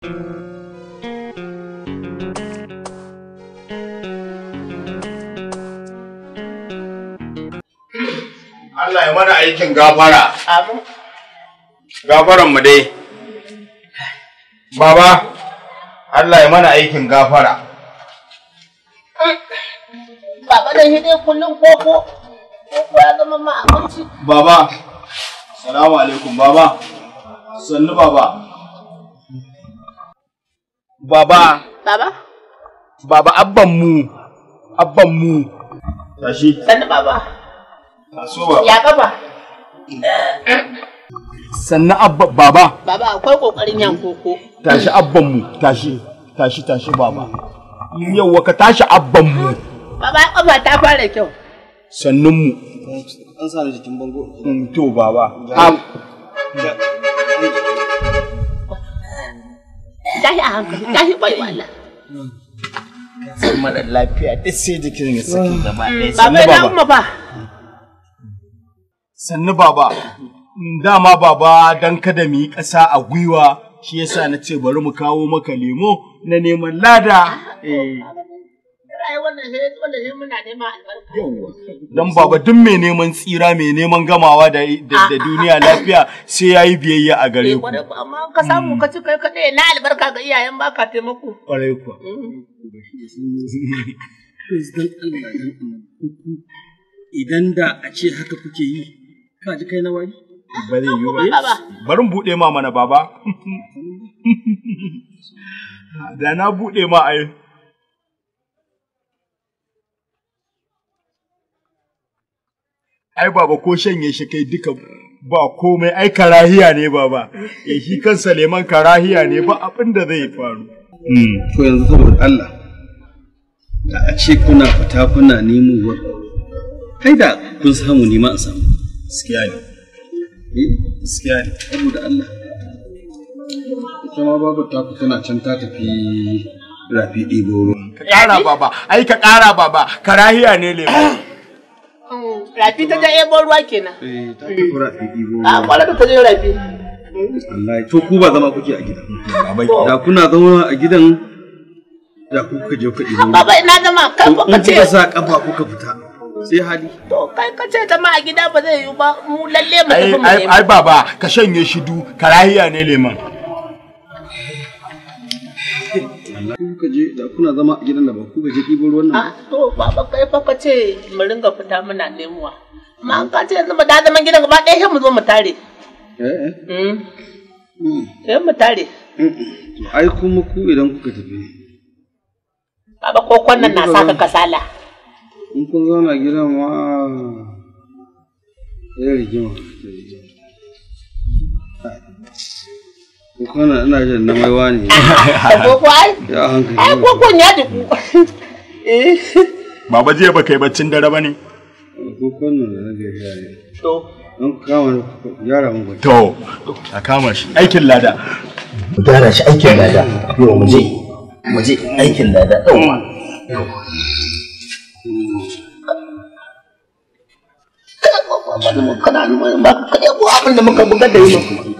Allah ya mana aikin gafara. Amin. Gafaran mu dai. Baba, Allah ya mana aikin gafara. Baba dan hidai kullum koko. Koko ya zama ma abinci. Baba, salamu alaikum baba. Sannu baba. Baba. Baba? Baba abban mu. Abban mu. Tashi. Sannu baba. Taso baba. Ya baba. Sannu abba baba. Baba akwai kokarin yan koko. Tashi abban mu. Tashi. Tashi tashi baba. Yauwa ka tashi abban mu. Baba kafa ta fara kyau. Sannun mu. An sa jikin bango. Mm, to baba. tashi sai jikin sannu baba dama baba dan kada mu yi ƙasa a gwiwa shi yasa na ce bari mu kawo maka lemo na neman lada ah, eh ai baba duk mai neman tsira mai neman gamawa da ah. duniya lafiya sai yayi biyayya a gare eh, ku amma ka samu ka ci kai kadai na albarka ga iyayen baka mm. idan da a ce haka kuke yi ka ji kai na wari ba zai yi ba barin buɗe ma mana baba da na buɗe ma ai ai baba ko shanye shi kai duka ba komai ai karahiya ne baba ya eh, shi kan Suleiman karahiya ne ba abin da zai faru hmm, to yanzu saboda Allah da a ce kuna fita kuna nemo wa kai da kun samu nima a samu gaskiya ne eh, gaskiya ne saboda Allah ita ma babu ta tana can ta tafi rafi ɗibo ruwa ka ƙara baba ai ka ƙara baba karahiya ne lemo rafi ta je ebo ruwa kenan a eh, ta ah, je rafi wallahi to ku ba zama kuke a gidan da kuna zama a gidan da kuka je ku ebo baba ina zama kan ka ce kuka sa kafa kuka fita sai hali to kai ka ce zama gida ba zai yi ba mu lalle mu tafi mu ai baba ka shanye shidu karahiya ne leman k'u ka je da kuna zama a gidan da ba kuka je ɗibo ruwan nan. Ah, to ba kai fa ka ce mu ringa fita muna nemuwa. Ma an ka ce yanzu mu da zaman gidan gaba ɗaya sai mu zo mu tare. Eh. Sai eh. hmm. hmm. eh, mu tare. Hmm, ai kuma ku idan kuka tafi. Baba ko kwannan na saka kasala. In kun zauna gidan ma. Eh rigima. Kwana ina jin na maiwa ne. Koko ai? Ya hankali. Eh, ai kokon ya duku. Baba jiya ba kai baccin dare ba ne? Kokon nan da nake ya ne. To. Don kama yara mun To, a kama shi aikin lada. Mu gyara shi aikin lada. Yau mu je. Mu je aikin lada. Yawwa. Mm. Kana ba ka kaɗe ko abin da muka buga da yi ba.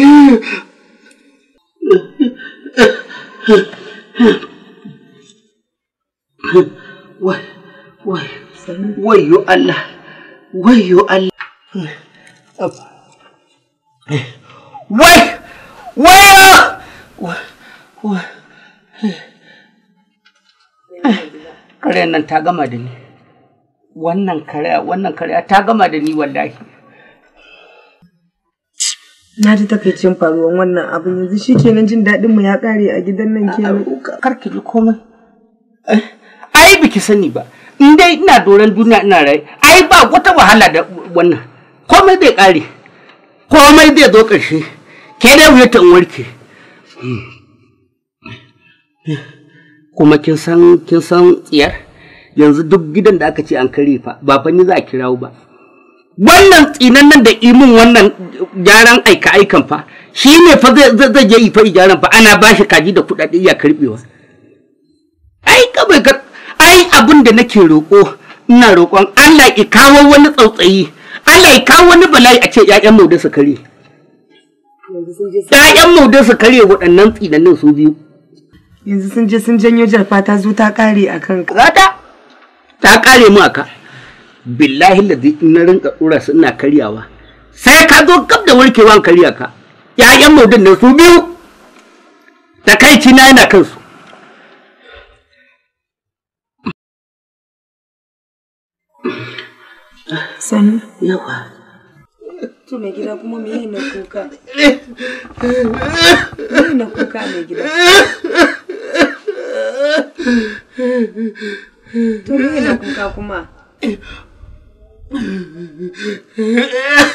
Wayo Allah, wayo Allah. Wai, Wai! Kare nan ta gama da ni. Wannan kare, wannan ta gama da ni wallahi. Na ji takaicin faruwan wannan abin yanzu shi ke nan jin daɗin mu ya ƙare a gidan nan ke. Kar ki ji komai. Ai biki sani ba. In dai ina doron duniya ina rai. Ai ba wata wahala da wannan. Komai zai ƙare. Komai zai zo ƙarshe. Ke dai wuya ta warke. Hmm. Kuma kin san kin san tsiyar yanzu duk gidan da aka ce an kare fa ba fa ni za a kirawo ba. wannan tsinan nan da imun wannan gyaran aika aikan fa shi ne fa zai je ifa gyaran fa ana ba shi kaji da kuɗaɗe iya karbewa ai kawai ka ai abin da nake roƙo ina roƙon Allah ya kawo wani tsautsayi Allah ya kawo wani bala'i a ce ƴaƴan mu da su kare ƴaƴan mu da su kare waɗannan tsinannin su biyu yanzu sun je sun janyo jarfa ta zo ta kare akan ka ta kare mu aka billahi da na rinka tsura su ina karyawa sai ka zo gab da warkewan karya ka ƴaƴan maudin nan su biyu takaici na yana kansu Sani. Yawa. To mai gida kuma me yi na kuka? Me yi na kuka mai gida? To me na kuka kuma?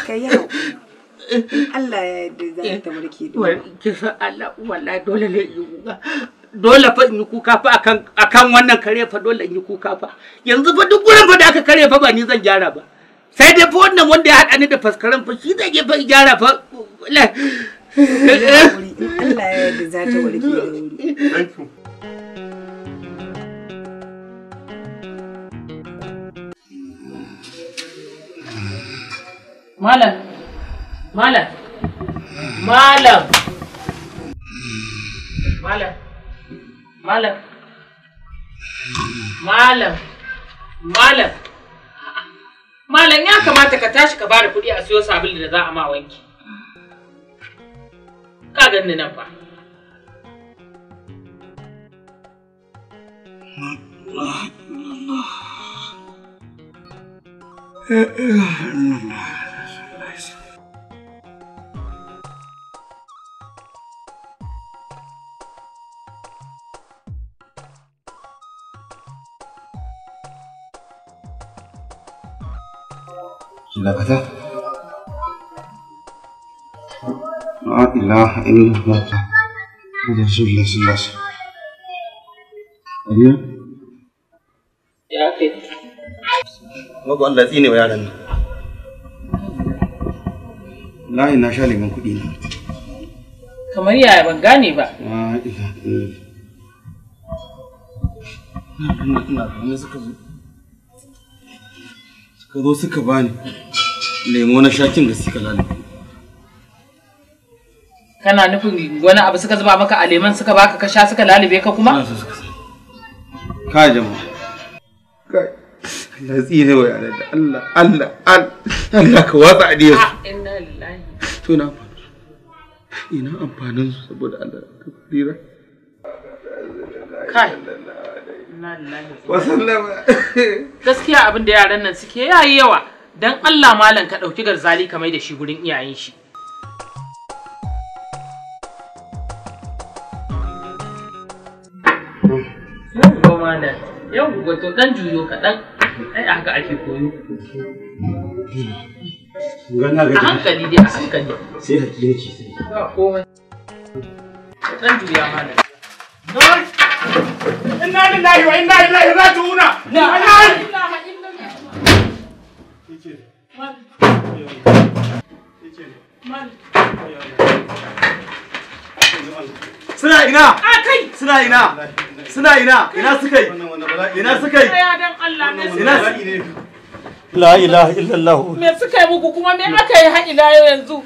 ka yi Allah ya yarda za ta warke ki san Allah wallahi dole ne yi kuka dole fa in yi kuka fa akan akan wannan kare fa dole in yi kuka fa yanzu fa duk gurin fa da aka kare fa ba ni zan gyara ba sai dai fa wannan wanda ya haɗa ni da faskaran fa shi zai fa gyara fa Allah ya yarda za ta warke da wuri Malam. Malam. Malam. Malam. Malam. Malam. Malam. Malam ya kamata ka tashi ka bada kuɗi a siyo sabulu da za a ma wanki. Ka ganni nan fa. Allah eh, eh, Allah. dakata la ilaha illallah muhammadu rasulullah sallallahu alaihi wasallam ya kai layi na neman kuɗi na kamar yaya ban gane ba ka zo suka bani lemo na shakin da suka lalace kana nufin wani abu suka zuba maka a leman suka baka ka sha suka lalube ka kuma ka jama kai Allah tsire wa yare da Allah Allah Allah ka watsa adiyar su ah, inna lillahi to na ina amfanin su saboda Allah ka tsira kai gaskiya abin da yaran nan suke yayi yawa dan Allah malam ka ɗauki garzali ka mai da shi gurin iyayen shi yau malam yau dan juyo kaɗan ai haka ake koyo a hankali dai a hankali sai hakiri ke sai komai dan juya malam inna lillahi wa inna ilaihi raji'un la ilaha illallah suna ina suna ina suna ina ina suka yi ina suka yi la ilaha illallah me suka yi muku kuma me aka yi ha'ila yanzu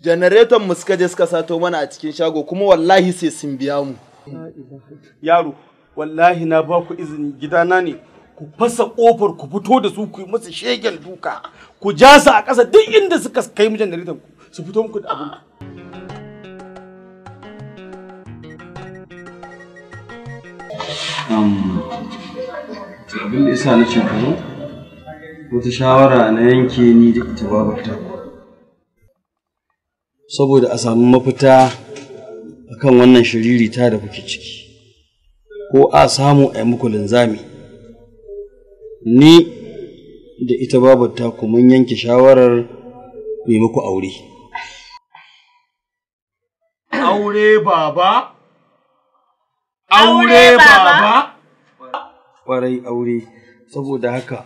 janareton mu suka je suka sato mana a cikin shago kuma wallahi sai sun biya mu yaro wallahi na ba ku izini gidana ne ku fasa kofar ku fito da su ku yi musu shegen duka ku ja su a ƙasa duk inda suka kai mu janaritan ku su fito muku da abin abin da isa na shekaru wata shawara na yanke ni da ita saboda a samu mafita akan wannan ta da kuke ciki ko a samu a yi muku linzami ni da ita babata ku mun yanke shawarar mai muku aure aure baba aure baba ƙwarai aure saboda haka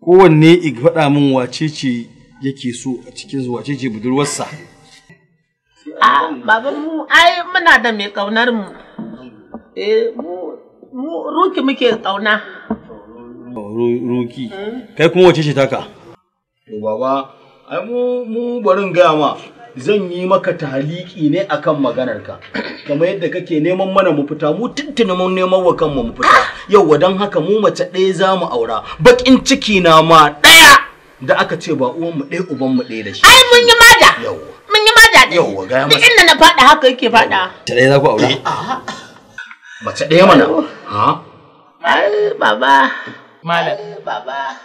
kowanne i faɗa min wace yake so a cikin wace budurwarsa a ah, baban mu ai muna da mai ƙaunar mu eh mu ruki muke tsauna ruki hmm? kai kuma wace ce taka to baba ai mu barin gaya ma zan yi maka taliki ne akan maganarka kamar yadda kake neman mana mu fita mu tuntuna mun neman wa kanmu mu fita yauwa dan haka mu mace ɗaya za mu aura bakin ciki na ma ɗaya da aka ce ba mu ɗaya ubanmu ɗaya da shi ai mun yi mada mun yi mada da yawa ga masa duk inda na faɗa haka yake faɗa ta ɗaya za ku aura eh, Mace ɗaya mana. Ha? Baba. Malam. Baba.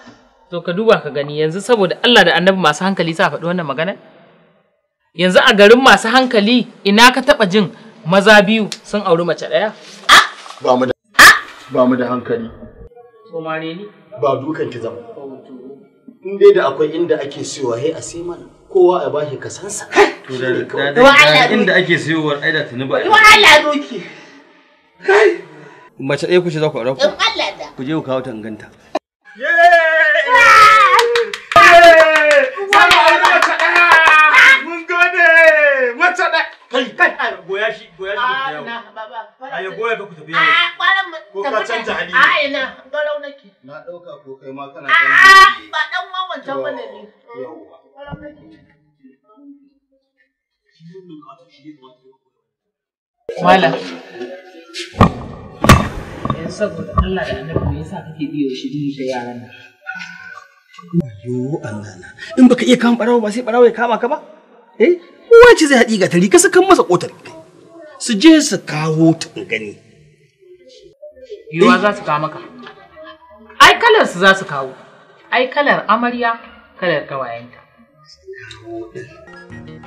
To ka duba ka gani yanzu saboda Allah da annabi masu hankali sa faɗi wannan magana? Yanzu a garin masu hankali ina ka taɓa jin maza biyu sun auri mace ɗaya? Ba mu da ba mu da hankali. To mare ni? Ba dukan ki zama. In dai da akwai inda ake siyowa he a sai mana kowa a bashi kasansa. To da inda ake siyowar ai tuni ba. Wa Allah doki. Kai! Mace ɗaya kuce za ku aura ku. In Allah da. Ku je ku kawo ta inganta. A ah, ya goya Malam. Yanzu saboda Allah da annabi me yasa kake biyo shi din da yaran nan? Yo Allah na. In baka iya kama barawo ba sai barawo ya kama ka ba? Eh? Kowa zai haɗi ga tari ka sakan masa kotar. Su je su kawo ta gani. Yiwa eh? za su kawo maka. Ai kalar su za su kawo. Ai kalar amarya kalar gawayenta. Kawo